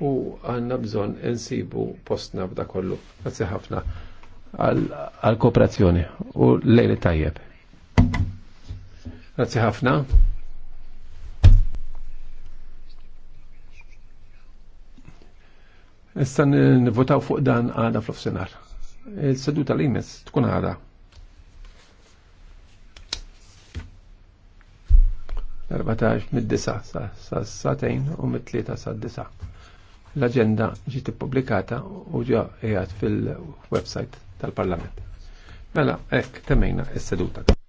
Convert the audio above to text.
u għanna bżon insibu postna b'da kollu. Grazzi ħafna għal kooperazzjoni u lejli tajjeb. Grazzi ħafna. Issa nivotaw fuq dan għada fl-ofsenar. Il-seduta li jmiss tkun għada. l mid disa sa' satejn u mid tlieta sa' disa'. L-agenda ġiet ippubblikata u ġa qiegħed fil-website tal-Parlament. Mela, hekk temmejna s-seduta.